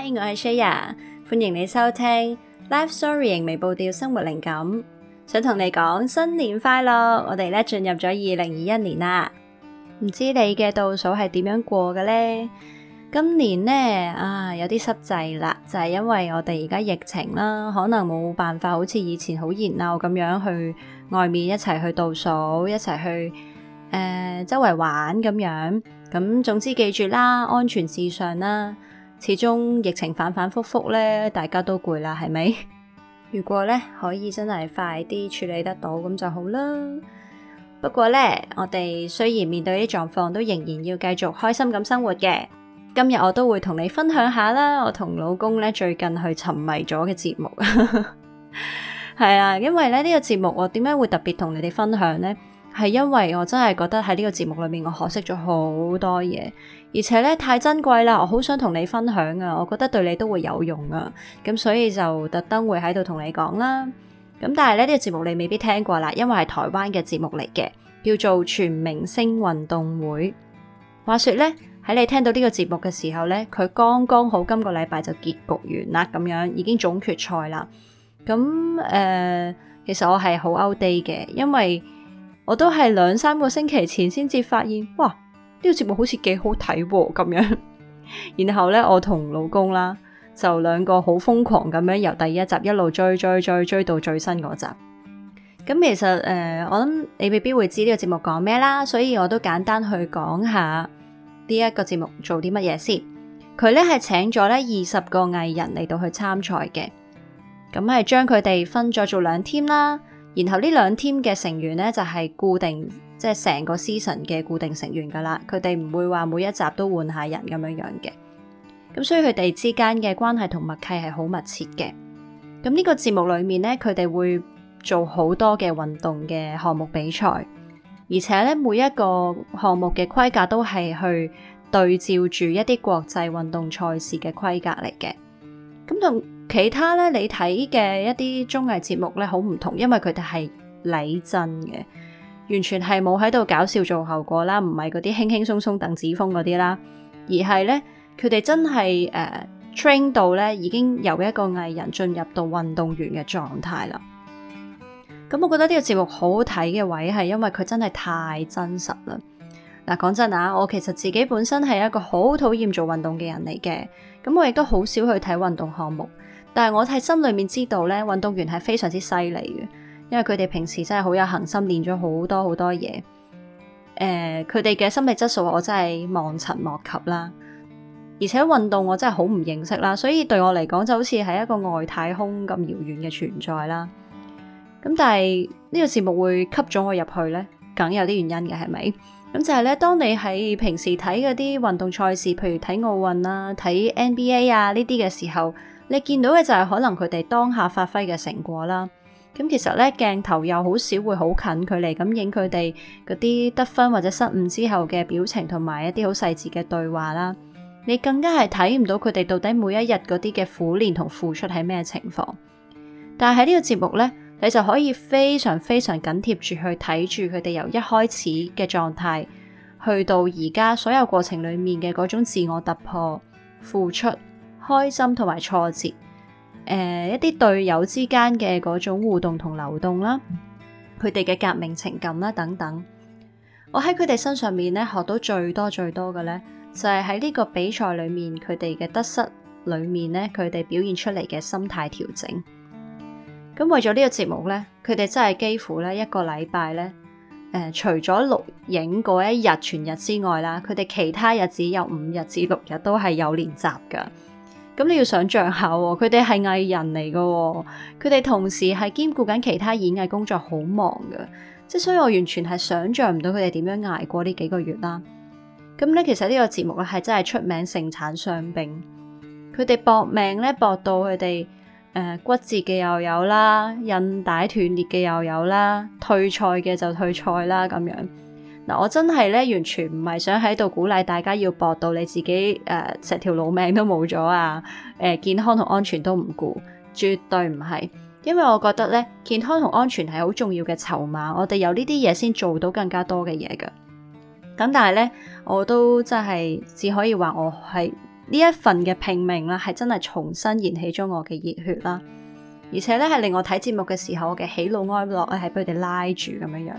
Hi, 我係 Shaya，歡迎你收聽 Life Story ing, 微報料生活靈感，想同你講新年快樂。我哋咧進入咗二零二一年啦，唔知你嘅倒數係點樣過嘅咧？今年咧啊，有啲濕滯啦，就係、是、因為我哋而家疫情啦，可能冇辦法好似以前好熱鬧咁樣去外面一齊去倒數，一齊去誒、呃、周圍玩咁樣。咁總之記住啦，安全至上啦。始終疫情反反复覆咧，大家都攰啦，係咪？ 如果咧可以真係快啲處理得到，咁就好啦。不過咧，我哋雖然面對呢啲狀況，都仍然要繼續開心咁生活嘅。今日我都會同你分享下啦，我同老公咧最近去沉迷咗嘅節目。係 啊，因為咧呢個節目我點解會特別同你哋分享呢？係因為我真係覺得喺呢個節目裏面，我學識咗好多嘢。而且咧太珍貴啦，我好想同你分享啊！我覺得對你都會有用啊，咁所以就特登會喺度同你講啦。咁但係呢，呢個節目你未必聽過啦，因為係台灣嘅節目嚟嘅，叫做全明星運動會。話說呢，喺你聽到呢個節目嘅時候呢，佢剛剛好今個禮拜就結局完啦，咁樣已經總決賽啦。咁誒、呃，其實我係好 out day 嘅，因為我都係兩三個星期前先至發現，哇！呢個節目好似幾好睇喎，哦，咁樣， 然後咧，我同老公啦就兩個好瘋狂咁樣，由第一集一路追追追追到最新嗰集。咁其實誒、呃，我諗你未必會知呢個節目講咩啦，所以我都簡單去講下呢一個節目做啲乜嘢先。佢咧係請咗咧二十個藝人嚟到去參賽嘅，咁係將佢哋分咗做兩 team 啦，然後呢兩 team 嘅成員咧就係、是、固定。即係成個 season 嘅固定成員噶啦，佢哋唔會話每一集都換下人咁樣樣嘅，咁所以佢哋之間嘅關係同默契係好密切嘅。咁呢個節目裏面咧，佢哋會做好多嘅運動嘅項目比賽，而且咧每一個項目嘅規格都係去對照住一啲國際運動賽事嘅規格嚟嘅。咁同其他咧你睇嘅一啲綜藝節目咧好唔同，因為佢哋係擬真嘅。完全係冇喺度搞笑做效果啦，唔係嗰啲輕輕鬆鬆鄧梓峰嗰啲啦，而係咧佢哋真係誒、呃、train 到咧已經由一個藝人進入到運動員嘅狀態啦。咁、嗯、我覺得呢個節目好睇嘅位係因為佢真係太真實啦。嗱、啊、講真啊，我其實自己本身係一個好討厭做運動嘅人嚟嘅，咁、嗯、我亦都好少去睇運動項目，但係我喺心裏面知道咧運動員係非常之犀利嘅。因為佢哋平時真係好有恒心，練咗好多好多嘢。誒、呃，佢哋嘅心理質素我真係望塵莫及啦。而且運動我真係好唔認識啦，所以對我嚟講就好似係一個外太空咁遙遠嘅存在啦。咁但係呢、這個節目會吸咗我入去呢，梗有啲原因嘅，係咪？咁就係咧，當你喺平時睇嗰啲運動賽事，譬如睇奧運啊、睇 NBA 啊呢啲嘅時候，你見到嘅就係可能佢哋當下發揮嘅成果啦。咁其實咧，鏡頭又好少會好近距離咁影佢哋嗰啲得分或者失誤之後嘅表情同埋一啲好細節嘅對話啦。你更加係睇唔到佢哋到底每一日嗰啲嘅苦練同付出係咩情況。但係喺呢個節目咧，你就可以非常非常緊貼住去睇住佢哋由一開始嘅狀態，去到而家所有過程裡面嘅嗰種自我突破、付出、開心同埋挫折。誒、呃，一啲隊友之間嘅嗰種互動同流動啦，佢哋嘅革命情感啦等等，我喺佢哋身上面咧學到最多最多嘅咧，就係喺呢個比賽裏面佢哋嘅得失裏面咧，佢哋表現出嚟嘅心態調整。咁為咗呢個節目咧，佢哋真係幾乎咧一個禮拜咧，誒、呃，除咗錄影嗰一日全日之外啦，佢哋其他日子有五日至六日都係有練習噶。咁你要想象下喎，佢哋係藝人嚟嘅，佢哋同時係兼顧緊其他演藝工作，好忙嘅。即所以我完全係想象唔到佢哋點樣捱過呢幾個月啦。咁咧，其實呢個節目咧係真係出名盛產傷兵，佢哋搏命咧搏到佢哋誒骨折嘅又有啦，韌帶斷裂嘅又有啦，退賽嘅就退賽啦，咁樣。我真係咧完全唔係想喺度鼓勵大家要搏到你自己誒，成、呃、條老命都冇咗啊！誒、呃，健康同安全都唔顧，絕對唔係。因為我覺得咧，健康同安全係好重要嘅籌碼，我哋有呢啲嘢，先做到更加多嘅嘢噶。咁但係咧，我都真係只可以話我係呢一份嘅拼命啦，係真係重新燃起咗我嘅熱血啦。而且咧係令我睇節目嘅時候，我嘅喜怒哀樂咧係俾佢哋拉住咁樣樣。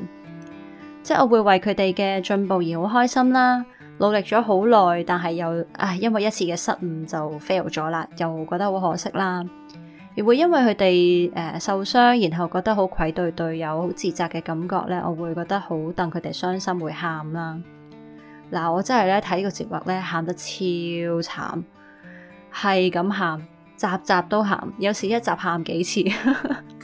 即係我會為佢哋嘅進步而好開心啦，努力咗好耐，但係又唉，因為一次嘅失誤就 fail 咗啦，又覺得好可惜啦，亦會因為佢哋誒受傷，然後覺得好愧對隊友、好自責嘅感覺咧，我會覺得好戥佢哋傷心，會喊啦。嗱，我真係咧睇個節目咧，喊得超慘，係咁喊，集集都喊，有時一集喊幾次。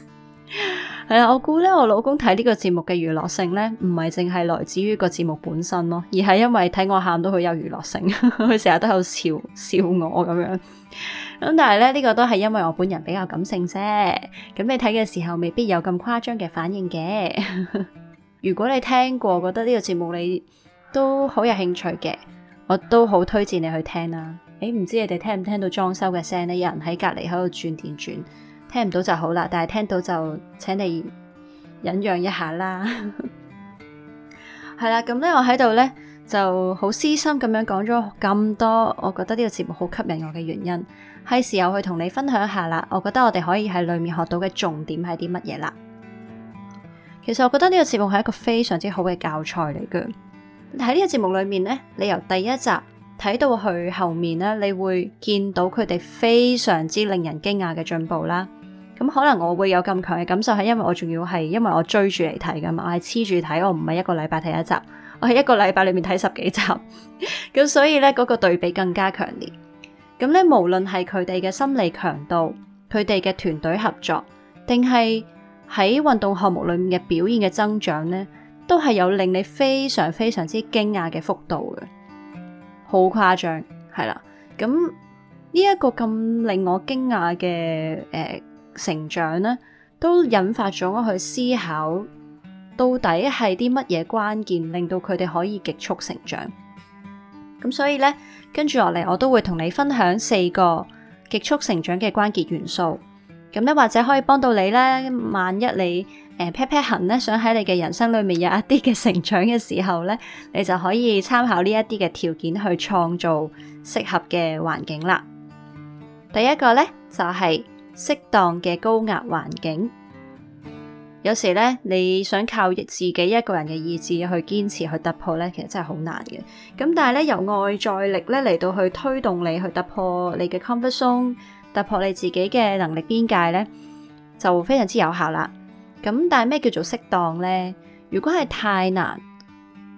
係啊，我估咧，我老公睇呢個節目嘅娛樂性咧，唔係淨係來自於個節目本身咯，而係因為睇我喊到佢有娛樂性，佢成日都好笑笑我咁樣。咁但係咧，呢、這個都係因為我本人比較感性啫。咁你睇嘅時候未必有咁誇張嘅反應嘅。 如果你聽過，覺得呢個節目你都好有興趣嘅，我都好推薦你去聽啦、啊。誒、欸，唔知你哋聽唔聽到裝修嘅聲咧？有人喺隔籬喺度鑽電鑽。聽唔到就好啦，但係聽到就請你忍讓一下啦。係 啦，咁咧我喺度咧就好私心咁樣講咗咁多，我覺得呢個節目好吸引我嘅原因，係時候去同你分享下啦。我覺得我哋可以喺裏面學到嘅重點係啲乜嘢啦？其實我覺得呢個節目係一個非常之好嘅教材嚟嘅。喺呢個節目裏面咧，你由第一集。睇到佢後面咧，你會見到佢哋非常之令人驚訝嘅進步啦。咁可能我會有咁強嘅感受，係因為我仲要係因為我追住嚟睇噶嘛，我係黐住睇，我唔係一個禮拜睇一集，我係一個禮拜裏面睇十幾集。咁 所以咧，嗰個對比更加強烈。咁咧，無論係佢哋嘅心理強度、佢哋嘅團隊合作，定係喺運動項目裏面嘅表現嘅增長咧，都係有令你非常非常之驚訝嘅幅度嘅。好誇張係啦，咁呢一個咁令我驚訝嘅誒成長咧，都引發咗我去思考到底係啲乜嘢關鍵令到佢哋可以極速成長。咁所以咧，跟住落嚟，我都會同你分享四個極速成長嘅關鍵元素。咁咧，或者可以幫到你咧，萬一你。誒 pat pat 行咧，想喺你嘅人生裏面有一啲嘅成長嘅時候咧，你就可以參考呢一啲嘅條件去創造適合嘅環境啦。第一個咧，就係適當嘅高壓環境。有時咧，你想靠自己一個人嘅意志去堅持去突破咧，其實真係好難嘅。咁但係咧，由外在力咧嚟到去推動你去突破你嘅 comfort zone，突破你自己嘅能力邊界咧，就非常之有效啦。咁但係咩叫做適當呢？如果係太難，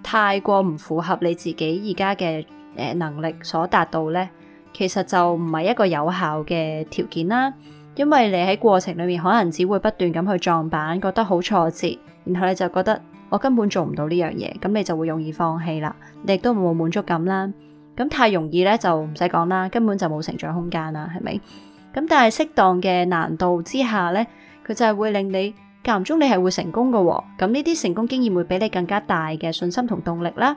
太過唔符合你自己而家嘅誒能力所達到呢，其實就唔係一個有效嘅條件啦。因為你喺過程裏面可能只會不斷咁去撞板，覺得好挫折，然後你就覺得我根本做唔到呢樣嘢，咁你就會容易放棄啦。你亦都冇滿足感啦。咁太容易呢，就唔使講啦，根本就冇成長空間啦，係咪？咁但係適當嘅難度之下呢，佢就係會令你。間唔中你係會成功嘅，哦，咁呢啲成功經驗會俾你更加大嘅信心同動力啦。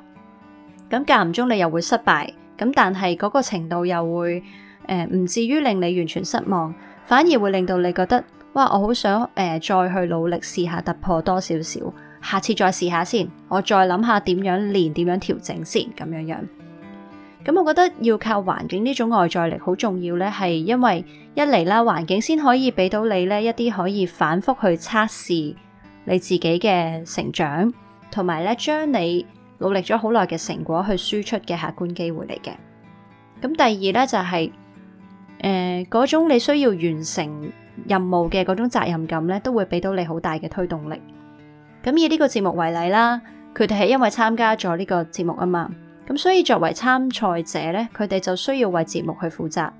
咁間唔中你又會失敗，咁但係嗰個程度又會誒、呃、唔至於令你完全失望，反而會令到你覺得，哇！我好想誒、呃、再去努力試下突破多少少，下次再試下先，我再諗下點樣練，點樣調整先，咁樣樣。咁我覺得要靠環境呢種外在力好重要咧，係因為一嚟啦，環境先可以俾到你咧一啲可以反覆去測試你自己嘅成長，同埋咧將你努力咗好耐嘅成果去輸出嘅客觀機會嚟嘅。咁第二咧就係誒嗰種你需要完成任務嘅嗰種責任感咧，都會俾到你好大嘅推動力。咁以呢個節目為例啦，佢哋係因為參加咗呢個節目啊嘛。咁所以作為參賽者咧，佢哋就需要為節目去負責。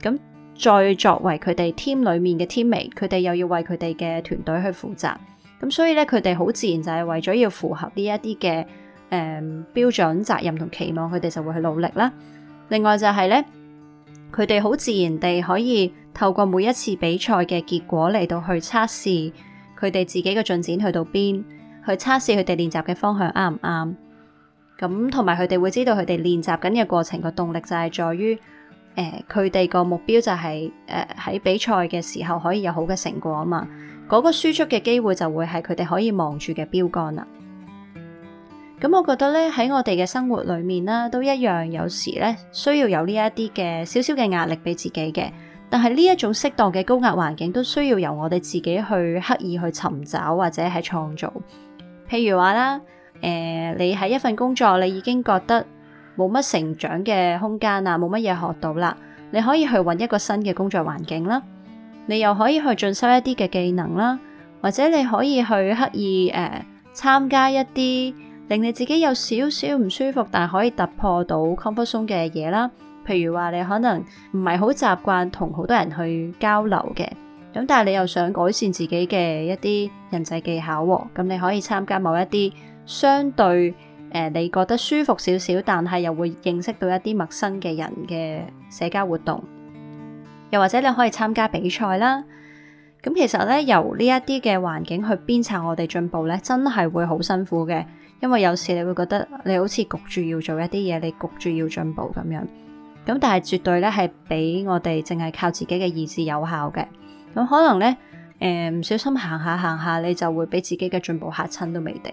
咁再作為佢哋 team 裏面嘅 teammate，佢哋又要為佢哋嘅團隊去負責。咁所以咧，佢哋好自然就係為咗要符合呢一啲嘅，誒，標準責任同期望，佢哋就會去努力啦。另外就係咧，佢哋好自然地可以透過每一次比賽嘅結果嚟到去測試佢哋自己嘅進展去到邊，去測試佢哋練習嘅方向啱唔啱。咁同埋佢哋會知道佢哋練習緊嘅過程，個動力就係在於，誒，佢哋個目標就係，誒，喺比賽嘅時候可以有好嘅成果啊嘛，嗰個輸出嘅機會就會係佢哋可以望住嘅標桿啦。咁我覺得咧，喺我哋嘅生活裏面啦，都一樣，有時咧需要有呢一啲嘅少少嘅壓力俾自己嘅，但係呢一種適當嘅高壓環境都需要由我哋自己去刻意去尋找或者係創造，譬如話啦。誒、呃，你喺一份工作，你已經覺得冇乜成長嘅空間啊，冇乜嘢學到啦。你可以去搵一個新嘅工作環境啦，你又可以去進修一啲嘅技能啦，或者你可以去刻意誒參、呃、加一啲令你自己有少少唔舒服，但係可以突破到 comfort zone 嘅嘢啦。譬如話你可能唔係好習慣同好多人去交流嘅，咁但係你又想改善自己嘅一啲人際技巧，咁你可以參加某一啲。相對誒、呃，你覺得舒服少少，但係又會認識到一啲陌生嘅人嘅社交活動，又或者你可以參加比賽啦。咁、嗯、其實咧，由呢一啲嘅環境去鞭策我哋進步咧，真係會好辛苦嘅。因為有時你會覺得你好似焗住要做一啲嘢，你焗住要進步咁樣。咁但係絕對咧係俾我哋淨係靠自己嘅意志有效嘅。咁、嗯、可能咧誒，唔、呃、小心行下行下，你就會俾自己嘅進步嚇親都未定。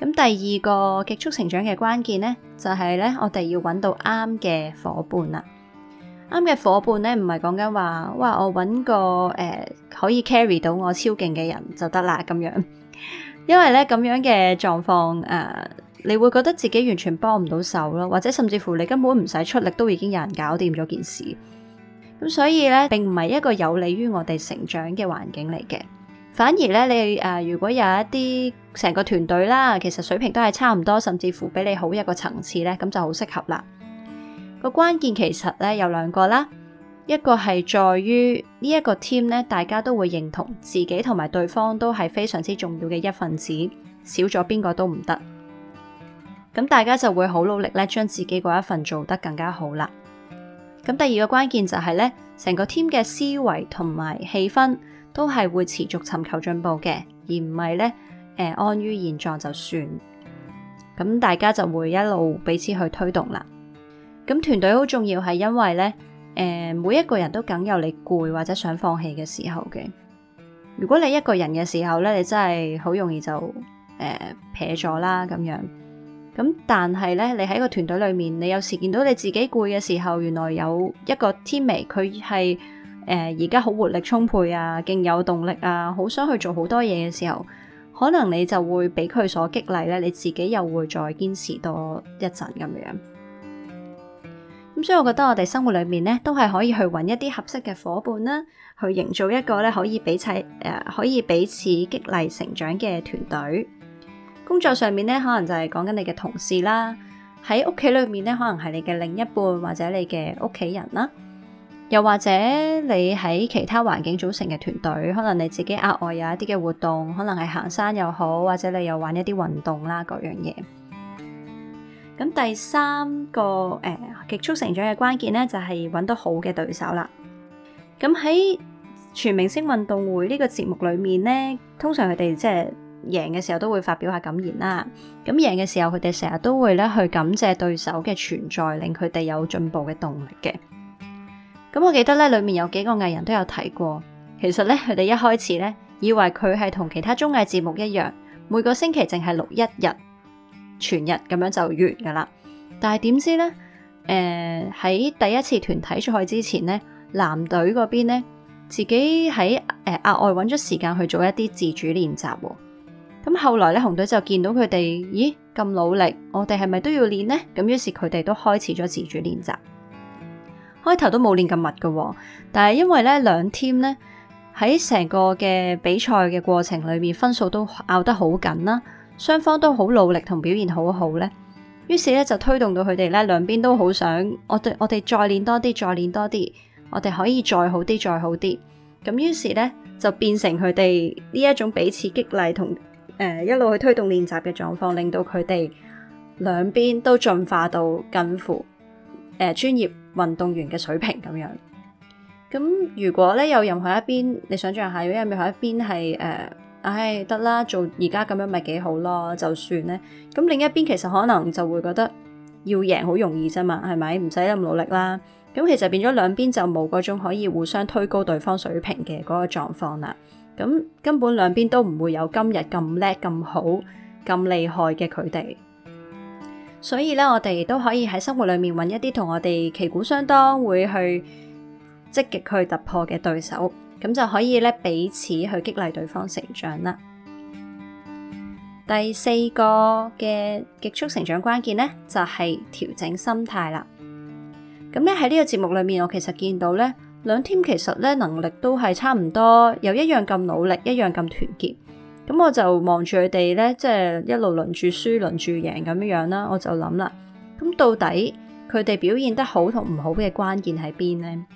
咁第二個極速成長嘅關鍵咧，就係、是、咧，我哋要揾到啱嘅夥伴啦。啱嘅夥伴咧，唔係講緊話，哇！我揾個誒、呃、可以 carry 到我超勁嘅人就得啦，咁樣。因為咧咁樣嘅狀況，誒、呃，你會覺得自己完全幫唔到手咯，或者甚至乎你根本唔使出力都已經有人搞掂咗件事。咁所以咧，並唔係一個有利於我哋成長嘅環境嚟嘅。反而咧，你誒、呃，如果有一啲成個團隊啦，其實水平都係差唔多，甚至乎比你好一個層次咧，咁就好適合啦。個關鍵其實咧有兩個啦，一個係在於、這個、呢一個 team 咧，大家都會認同自己同埋對方都係非常之重要嘅一份子，少咗邊個都唔得。咁大家就會好努力咧，將自己嗰一份做得更加好啦。咁第二個關鍵就係咧，成個 team 嘅思維同埋氣氛。都係會持續尋求進步嘅，而唔係咧誒安於現狀就算。咁大家就會一路彼此去推動啦。咁團隊好重要，係因為咧誒、呃、每一個人都梗有你攰或者想放棄嘅時候嘅。如果你一個人嘅時候咧，你真係好容易就誒撇咗啦咁樣。咁但係咧，你喺個團隊裏面，你有時見到你自己攰嘅時候，原來有一個 teammate 佢係。誒，而家好活力充沛啊，勁有動力啊，好想去做好多嘢嘅時候，可能你就會俾佢所激勵咧，你自己又會再堅持多一陣咁樣。咁、嗯、所以我覺得我哋生活裏面咧，都係可以去搵一啲合適嘅夥伴啦，去營造一個咧可以彼此誒可以彼此激勵成長嘅團隊。工作上面咧，可能就係講緊你嘅同事啦；喺屋企裏面咧，可能係你嘅另一半或者你嘅屋企人啦，又或者你喺其他環境組成嘅團隊，可能你自己額外有一啲嘅活動，可能係行山又好，或者你又玩一啲運動啦，各樣嘢。咁第三個誒、欸、極速成長嘅關鍵咧，就係、是、揾到好嘅對手啦。咁喺全明星運動會呢個節目裏面咧，通常佢哋即係贏嘅時候都會發表下感言啦。咁贏嘅時候，佢哋成日都會咧去感謝對手嘅存在，令佢哋有進步嘅動力嘅。咁我記得咧，裏面有幾個藝人都有提過，其實咧佢哋一開始咧，以為佢係同其他綜藝節目一樣，每個星期淨係錄一日全日咁樣就完㗎喇。但係點知咧，誒、呃、喺第一次團體賽之前咧，藍隊嗰邊咧自己喺誒、呃、額外揾咗時間去做一啲自主練習喎、哦。咁後來咧，紅隊就見到佢哋，咦咁努力，我哋係咪都要練咧？咁於是佢哋都開始咗自主練習。開頭都冇練咁密嘅、哦，但係因為咧，兩 team 咧喺成個嘅比賽嘅過程裏面，分數都拗得好緊啦，雙方都好努力同表現好好咧，於是咧就推動到佢哋咧兩邊都好想我哋我哋再練多啲，再練多啲，我哋可以再好啲，再好啲。咁於是咧就變成佢哋呢一種彼此激勵同誒一路去推動練習嘅狀況，令到佢哋兩邊都進化到近乎誒專業。運動員嘅水平咁樣，咁如果咧有任何一邊，你想象下，如果任何一邊係誒，唉、呃、得、哎、啦，做而家咁樣咪幾好咯，就算咧，咁另一邊其實可能就會覺得要贏好容易啫嘛，係咪唔使咁努力啦？咁其實變咗兩邊就冇嗰種可以互相推高對方水平嘅嗰個狀況啦，咁根本兩邊都唔會有今日咁叻、咁好、咁厲害嘅佢哋。所以咧，我哋都可以喺生活裏面揾一啲同我哋旗鼓相當，會去積極去突破嘅對手，咁就可以咧彼此去激勵對方成長啦。第四個嘅極速成長關鍵咧，就係調整心態啦。咁咧喺呢個節目裏面，我其實見到咧兩 team 其實咧能力都係差唔多，又一樣咁努力，一樣咁團結。咁我就望住佢哋咧，即係一路輪住輸輪住贏咁樣樣啦。我就諗啦，咁到底佢哋表現得好同唔好嘅關鍵喺邊呢？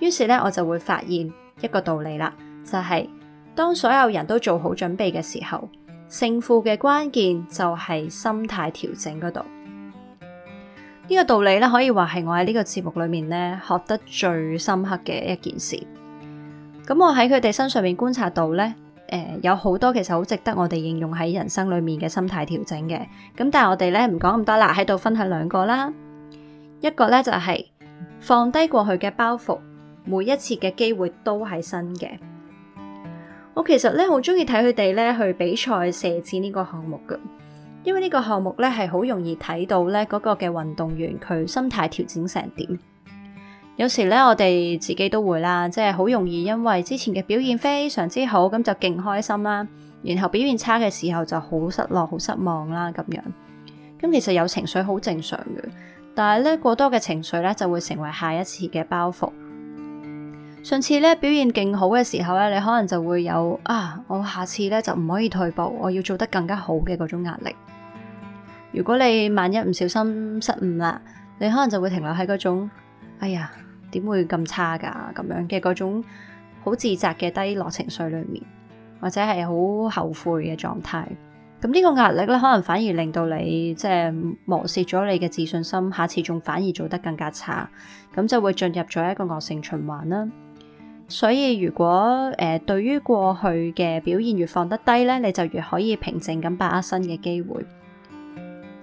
於是咧，我就會發現一個道理啦，就係當所有人都做好準備嘅時候，勝負嘅關鍵就係心態調整嗰度。呢個道理咧，可以話係我喺呢個節目裏面咧學得最深刻嘅一件事。咁我喺佢哋身上面觀察到咧。誒、呃，有好多其實好值得我哋應用喺人生裏面嘅心態調整嘅，咁但係我哋咧唔講咁多啦，喺度分享兩個啦，一個咧就係、是、放低過去嘅包袱，每一次嘅機會都係新嘅。我其實咧好中意睇佢哋咧去比賽射箭呢個項目㗎，因為呢個項目咧係好容易睇到咧嗰個嘅運動員佢心態調整成點。有時咧，我哋自己都會啦，即係好容易，因為之前嘅表現非常之好，咁就勁開心啦。然後表現差嘅時候，就好失落、好失望啦咁樣。咁其實有情緒好正常嘅，但係咧過多嘅情緒咧，就會成為下一次嘅包袱。上次咧表現勁好嘅時候咧，你可能就會有啊，我下次咧就唔可以退步，我要做得更加好嘅嗰種壓力。如果你萬一唔小心失誤啦，你可能就會停留喺嗰種，哎呀～點會咁差㗎？咁樣嘅嗰種好自責嘅低落情緒裏面，或者係好後悔嘅狀態。咁呢個壓力咧，可能反而令到你即係、就是、磨蝕咗你嘅自信心，下次仲反而做得更加差，咁就會進入咗一個惡性循環啦。所以如果誒、呃、對於過去嘅表現越放得低咧，你就越可以平靜咁把握新嘅機會。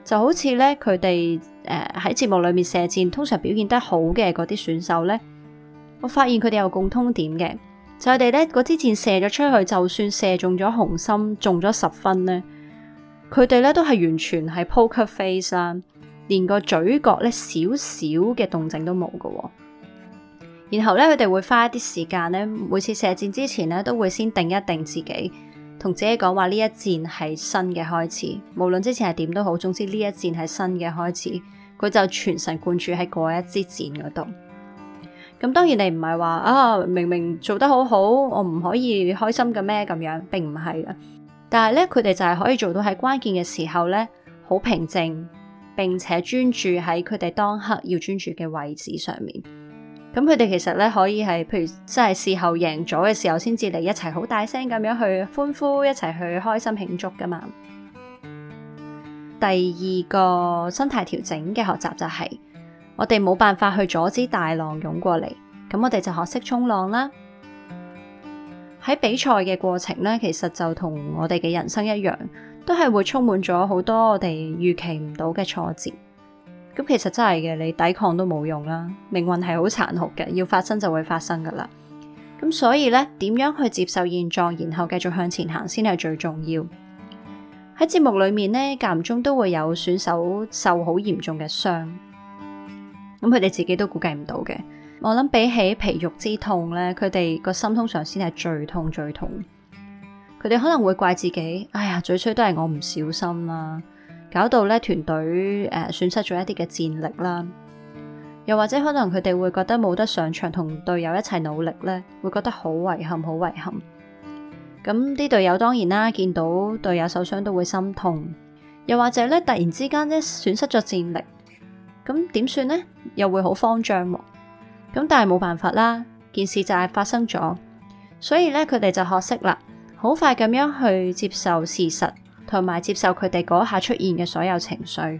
就好似咧佢哋。誒，喺節、uh, 目裏面射箭，通常表現得好嘅嗰啲選手呢，我發現佢哋有共通點嘅，就係佢哋咧嗰支箭射咗出去，就算射中咗紅心，中咗十分呢，佢哋咧都係完全係 poker face 啦、啊，連個嘴角咧少少嘅動靜都冇㗎、哦。然後呢，佢哋會花一啲時間呢，每次射箭之前呢，都會先定一定自己，同自己講話呢一箭係新嘅開始，無論之前係點都好，總之呢一箭係新嘅開始。佢就全神貫注喺嗰一支箭嗰度。咁當然你唔係話啊，明明做得好好，我唔可以開心嘅咩？咁樣並唔係嘅。但係咧，佢哋就係可以做到喺關鍵嘅時候咧，好平靜，並且專注喺佢哋當刻要專注嘅位置上面。咁佢哋其實咧可以係，譬如即係事後贏咗嘅時候，先至嚟，一齊好大聲咁樣去歡呼，一齊去開心慶祝噶嘛。第二個心態調整嘅學習就係我哋冇辦法去阻止大浪湧過嚟，咁我哋就學識衝浪啦。喺比賽嘅過程咧，其實就同我哋嘅人生一樣，都係會充滿咗好多我哋預期唔到嘅挫折。咁其實真係嘅，你抵抗都冇用啦。命運係好殘酷嘅，要發生就會發生㗎喇。咁所以咧，點樣去接受現狀，然後繼續向前行先係最重要。喺節目裏面呢，間唔中都會有選手受好嚴重嘅傷，咁佢哋自己都估計唔到嘅。我諗比起皮肉之痛咧，佢哋個心通常先係最痛最痛。佢哋可能會怪自己，哎呀，最衰都係我唔小心啦，啊，搞到咧團隊誒損失咗一啲嘅戰力啦。又或者可能佢哋會覺得冇得上場同隊友一齊努力咧，會覺得好遺憾，好遺憾。咁啲隊友當然啦，見到隊友受傷都會心痛，又或者咧突然之間咧損失咗戰力，咁點算呢？又會好慌張喎、啊。咁但係冇辦法啦，件事就係發生咗，所以咧佢哋就學識啦，好快咁樣去接受事實，同埋接受佢哋嗰一下出現嘅所有情緒，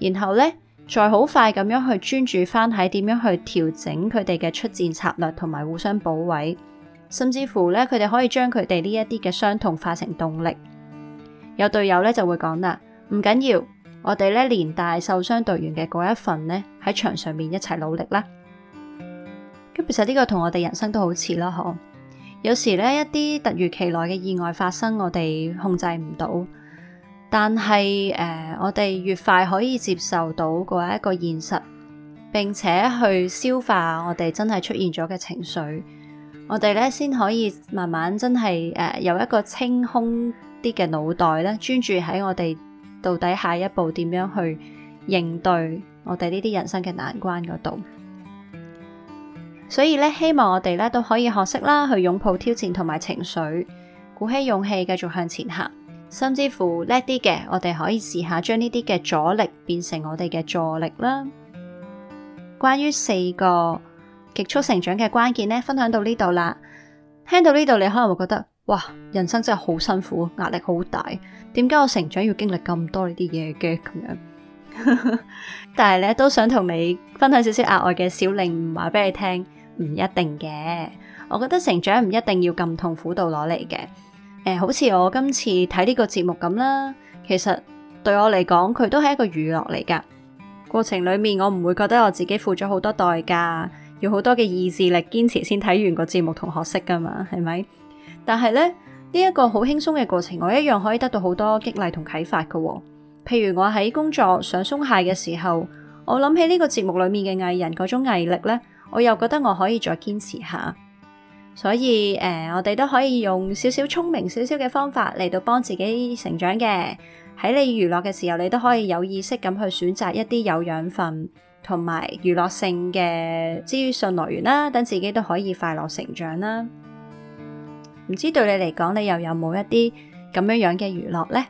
然後咧再好快咁樣去專注翻喺點樣去調整佢哋嘅出戰策略，同埋互相補位。甚至乎咧，佢哋可以將佢哋呢一啲嘅傷痛化成動力。有隊友咧就會講啦，唔緊要，我哋咧連帶受傷隊員嘅嗰一份呢，喺場上面一齊努力啦。咁其實呢個同我哋人生都好似啦，嗬。有時咧一啲突如其來嘅意外發生，我哋控制唔到，但係誒、呃，我哋越快可以接受到嗰一個現實，並且去消化我哋真係出現咗嘅情緒。我哋咧先可以慢慢真係誒、呃，有一個清空啲嘅腦袋咧，專注喺我哋到底下一步點樣去應對我哋呢啲人生嘅難關嗰度。所以咧，希望我哋咧都可以學識啦，去擁抱挑戰同埋情緒，鼓起勇氣繼續向前行。甚至乎叻啲嘅，我哋可以試下將呢啲嘅阻力變成我哋嘅助力啦。關於四個。極速成長嘅關鍵咧，分享到呢度啦。聽到呢度，你可能會覺得哇，人生真係好辛苦，壓力好大。點解我成長要經歷咁多呢啲嘢嘅咁樣？但係咧都想同你分享少少額外嘅小零話俾你聽，唔一定嘅。我覺得成長唔一定要咁痛苦度攞嚟嘅。誒，好似我今次睇呢個節目咁啦，其實對我嚟講，佢都係一個娛樂嚟㗎。過程裏面，我唔會覺得我自己付咗好多代價。要好多嘅意志力堅持先睇完個節目同學識噶嘛，係咪？但係咧，呢一個好輕鬆嘅過程，我一樣可以得到好多激勵同啟發噶喎。譬如，我喺工作上鬆懈嘅時候，我諗起呢個節目裏面嘅藝人嗰種毅力咧，我又覺得我可以再堅持下。所以誒、呃，我哋都可以用少少聰明少少嘅方法嚟到，幫自己成長嘅。喺你娛樂嘅時候，你都可以有意識咁去選擇一啲有養分同埋娛樂性嘅資訊來源啦，等自己都可以快樂成長啦。唔知對你嚟講，你又有冇一啲咁樣樣嘅娛樂呢？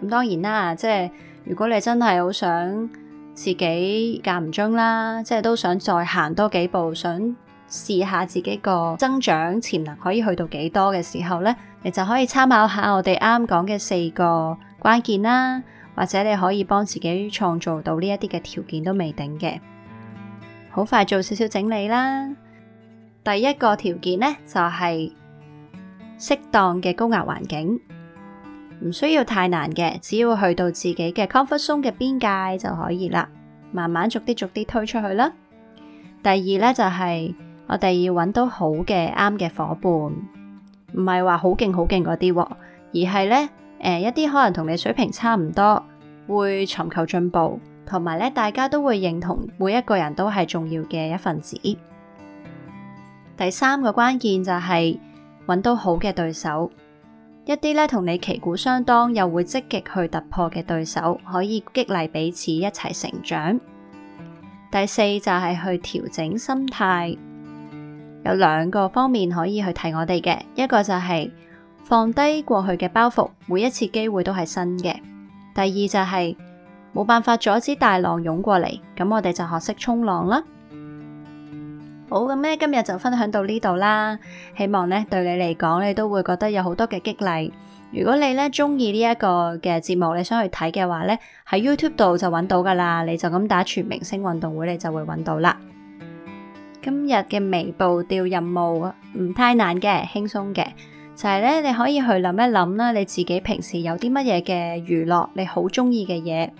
咁當然啦，即係如果你真係好想自己間唔中啦，即係都想再行多幾步，想試下自己個增長潛能可以去到幾多嘅時候呢，你就可以參考下我哋啱講嘅四個關鍵啦。或者你可以幫自己創造到呢一啲嘅條件都未定嘅，好快做少少整理啦。第一個條件呢，就係、是、適當嘅高壓環境，唔需要太難嘅，只要去到自己嘅 comfort zone 嘅邊界就可以啦，慢慢逐啲逐啲推出去啦。第二呢，就係、是、我哋要揾到好嘅啱嘅夥伴，唔係話好勁好勁嗰啲，而係呢。誒、呃，一啲可能同你水平差唔多，會尋求進步，同埋咧，大家都會認同每一個人都係重要嘅一份子。第三個關鍵就係、是、揾到好嘅對手，一啲咧同你旗鼓相當又會積極去突破嘅對手，可以激勵彼此一齊成長。第四就係去調整心態，有兩個方面可以去提我哋嘅，一個就係、是。放低過去嘅包袱，每一次機會都係新嘅。第二就係、是、冇辦法阻止大浪湧過嚟，咁我哋就學識衝浪啦。好，咁呢，今日就分享到呢度啦。希望呢對你嚟講，你都會覺得有好多嘅激勵。如果你呢中意呢一個嘅節目，你想去睇嘅話呢，喺 YouTube 度就揾到噶啦，你就咁打全明星運動會，你就會揾到啦。今日嘅微步釣任務唔太難嘅，輕鬆嘅。就係咧，你可以去諗一諗啦，你自己平時有啲乜嘢嘅娛樂，你好鍾意嘅嘢，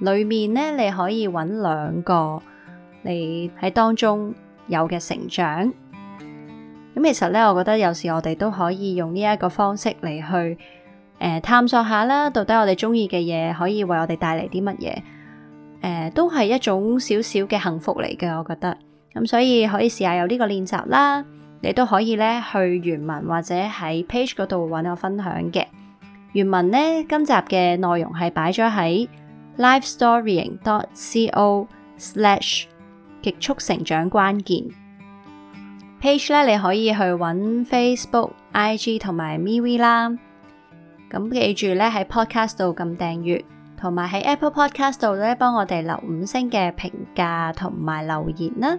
裡面咧你可以揾兩個你喺當中有嘅成長。咁其實咧，我覺得有時我哋都可以用呢一個方式嚟去誒、呃、探索下啦，到底我哋鍾意嘅嘢可以為我哋帶嚟啲乜嘢？誒、呃，都係一種少少嘅幸福嚟嘅，我覺得。咁所以可以試下有呢個練習啦。你都可以咧去原文或者喺 page 嗰度揾我分享嘅原文呢，今集嘅內容係擺咗喺 livestorying.co slash 極速成長關鍵 page 咧，你可以去揾 Facebook、IG 同埋 miwi 啦。咁記住咧喺 podcast 度撳訂閱，同埋喺 Apple Podcast 度咧幫我哋留五星嘅評價同埋留言啦。